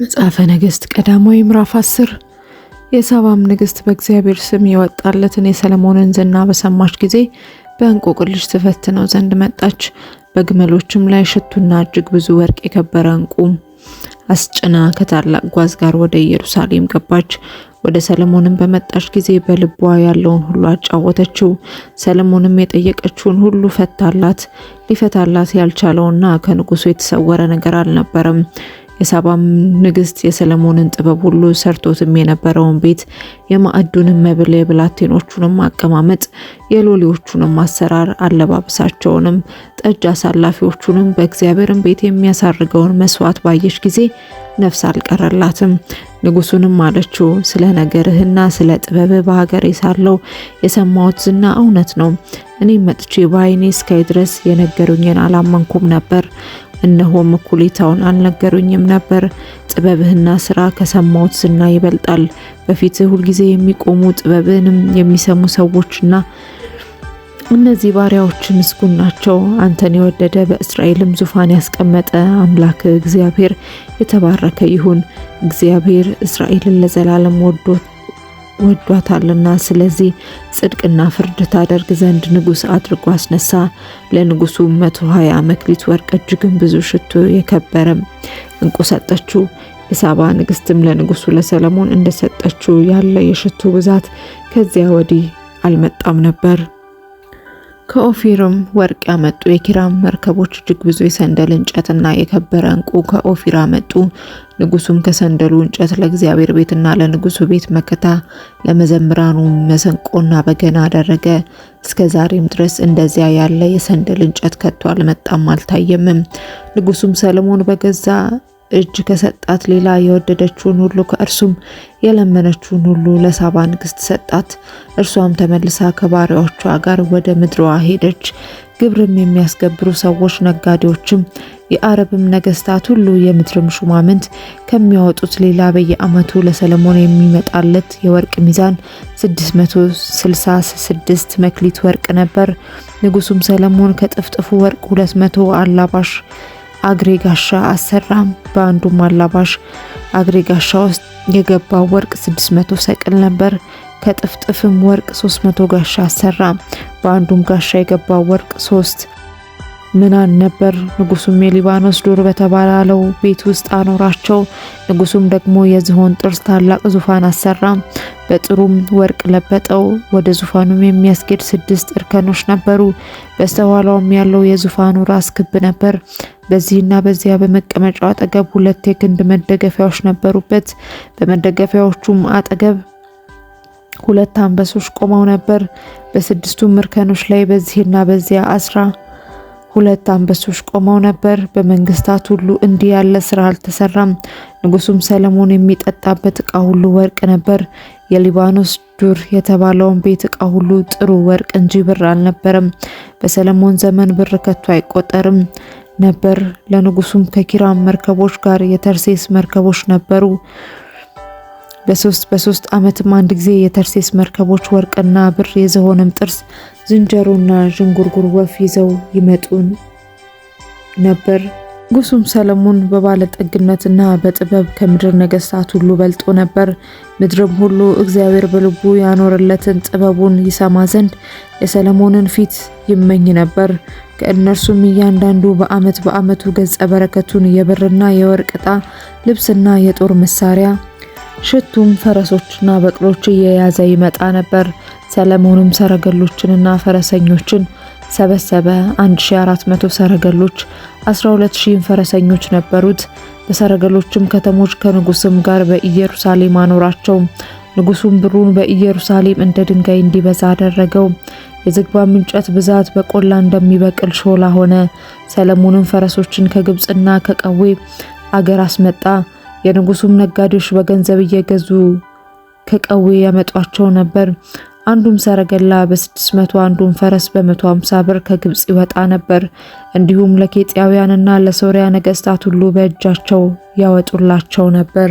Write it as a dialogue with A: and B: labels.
A: መጽሐፈ ነገሥት ቀዳማዊ ምዕራፍ 10 የሳባም ንግሥት በእግዚአብሔር ስም የወጣለትን የሰለሞንን ዝና በሰማች ጊዜ በእንቆቅልሽ ትፈትነው ዘንድ መጣች። በግመሎችም ላይ ሽቱና እጅግ ብዙ ወርቅ የከበረ እንቁም አስጭና ከታላቅ ጓዝ ጋር ወደ ኢየሩሳሌም ገባች። ወደ ሰለሞንም በመጣች ጊዜ በልቧ ያለውን ሁሉ አጫወተችው። ሰለሞንም የጠየቀችውን ሁሉ ፈታላት። ሊፈታላት ያልቻለውና ከንጉሱ የተሰወረ ነገር አልነበረም። የሳባም ንግስት የሰለሞንን ጥበብ ሁሉ ሰርቶትም የነበረውን ቤት፣ የማዕዱንም መብል፣ የብላቴኖቹንም አቀማመጥ፣ የሎሌዎቹንም አሰራር፣ አለባበሳቸውንም፣ ጠጅ አሳላፊዎቹንም፣ በእግዚአብሔርን ቤት የሚያሳርገውን መስዋዕት ባየች ጊዜ ነፍስ አልቀረላትም። ንጉሱንም አለችው፣ ስለ ነገርህና ስለ ጥበብህ በሀገሬ ሳለው የሰማሁት ዝና እውነት ነው። እኔ መጥቼ በአይኔ እስካይ ድረስ የነገሩኝን አላመንኩም ነበር። እነሆም እኩሌታውን አልነገሩኝም ነበር። ጥበብህና ስራ ከሰማሁት ዝና ይበልጣል። በፊትህ ሁልጊዜ የሚቆሙ ጥበብህንም የሚሰሙ ሰዎችና እነዚህ ባሪያዎች ምስጉን ናቸው። አንተን የወደደ በእስራኤልም ዙፋን ያስቀመጠ አምላክ እግዚአብሔር የተባረከ ይሁን። እግዚአብሔር እስራኤልን ለዘላለም ወዶት ወዷታልና ስለዚህ ጽድቅና ፍርድ ታደርግ ዘንድ ንጉስ አድርጎ አስነሳ። ለንጉሱ 120 መክሊት ወርቅ እጅግም ብዙ ሽቱ የከበረም እንቁ ሰጠችው። የሳባ ንግስትም ለንጉሱ ለሰለሞን እንደሰጠችው ያለ የሽቱ ብዛት ከዚያ ወዲህ አልመጣም ነበር። ከኦፊርም ወርቅ ያመጡ የኪራም መርከቦች እጅግ ብዙ የሰንደል እንጨትና የከበረ እንቁ ከኦፊር አመጡ። ንጉሱም ከሰንደሉ እንጨት ለእግዚአብሔር ቤትና ለንጉሱ ቤት መከታ፣ ለመዘምራኑ መሰንቆና በገና አደረገ። እስከ ዛሬም ድረስ እንደዚያ ያለ የሰንደል እንጨት ከቶ አልመጣም አልታየምም። ንጉሱም ሰለሞን በገዛ እጅ ከሰጣት ሌላ የወደደችውን ሁሉ ከእርሱም የለመነችውን ሁሉ ለሳባ ንግስት ሰጣት። እርሷም ተመልሳ ከባሪያዎቿ ጋር ወደ ምድሯ ሄደች። ግብርም የሚያስገብሩ ሰዎች፣ ነጋዴዎችም፣ የአረብም ነገስታት ሁሉ የምድርም ሹማምንት ከሚያወጡት ሌላ በየአመቱ ለሰለሞን የሚመጣለት የወርቅ ሚዛን 666 መክሊት ወርቅ ነበር። ንጉሱም ሰለሞን ከጥፍጥፉ ወርቅ 200 አላባሽ አግሬ ጋሻ አሰራም። በአንዱም አላባሽ አግሬ ጋሻ ውስጥ የገባው ወርቅ 600 ሰቅል ነበር። ከጥፍጥፍም ወርቅ 300 ጋሻ አሰራ። በአንዱም ጋሻ የገባው ወርቅ 3 ምናን ነበር። ንጉሱም የሊባኖስ ዱር በተባለው ቤት ውስጥ አኖራቸው። ንጉሱም ደግሞ የዝሆን ጥርስ ታላቅ ዙፋን አሰራ። በጥሩም ወርቅ ለበጠው። ወደ ዙፋኑም የሚያስጌድ ስድስት እርከኖች ነበሩ። በስተኋላውም ያለው የዙፋኑ ራስ ክብ ነበር። በዚህና በዚያ በመቀመጫው አጠገብ ሁለት የክንድ መደገፊያዎች ነበሩበት። በመደገፊያዎቹም አጠገብ ሁለት አንበሶች ቆመው ነበር። በስድስቱም እርከኖች ላይ በዚህና በዚያ አስራ ሁለት አንበሶች ቆመው ነበር። በመንግስታት ሁሉ እንዲህ ያለ ስራ አልተሰራም። ንጉሱም ሰለሞን የሚጠጣበት እቃ ሁሉ ወርቅ ነበር። የሊባኖስ ዱር የተባለውን ቤት እቃ ሁሉ ጥሩ ወርቅ እንጂ ብር አልነበረም። በሰለሞን ዘመን ብር ከቶ አይቆጠርም። ነበር። ለንጉሱም ከኪራም መርከቦች ጋር የተርሴስ መርከቦች ነበሩ። በሶስት በሶስት ዓመትም አንድ ጊዜ የተርሴስ መርከቦች ወርቅና ብር የዘሆንም ጥርስ ዝንጀሮና ዥንጉርጉር ወፍ ይዘው ይመጡን ነበር። ንጉሱም ሰለሞን በባለጠግነትና በጥበብ ከምድር ነገስታት ሁሉ በልጦ ነበር። ምድርም ሁሉ እግዚአብሔር በልቡ ያኖረለትን ጥበቡን ይሰማ ዘንድ የሰለሞንን ፊት ይመኝ ነበር። ከእነርሱም እያንዳንዱ በዓመት በዓመቱ ገጸ በረከቱን የብርና የወርቅ ዕጣ፣ ልብስና የጦር መሳሪያ፣ ሽቱም፣ ፈረሶችና በቅሎች እየያዘ ይመጣ ነበር። ሰለሞንም ሰረገሎችንና ፈረሰኞችን ሰበሰበ። 1400 ሰረገሎች፣ 12000 ፈረሰኞች ነበሩት። በሰረገሎችም ከተሞች ከንጉስም ጋር በኢየሩሳሌም አኖራቸው። ንጉሱም ብሩን በኢየሩሳሌም እንደ ድንጋይ እንዲበዛ አደረገው። የዝግባ እንጨት ብዛት በቆላ እንደሚበቅል ሾላ ሆነ። ሰለሞንም ፈረሶችን ከግብጽና ከቀዌ አገር አስመጣ። የንጉሱም ነጋዴዎች በገንዘብ እየገዙ ከቀዌ ያመጧቸው ነበር። አንዱም ሰረገላ በ600 አንዱም ፈረስ በ150 ብር ከግብጽ ይወጣ ነበር። እንዲሁም ለኬጥያውያንና ለሶሪያ ነገስታት ሁሉ በእጃቸው ያወጡላቸው ነበር።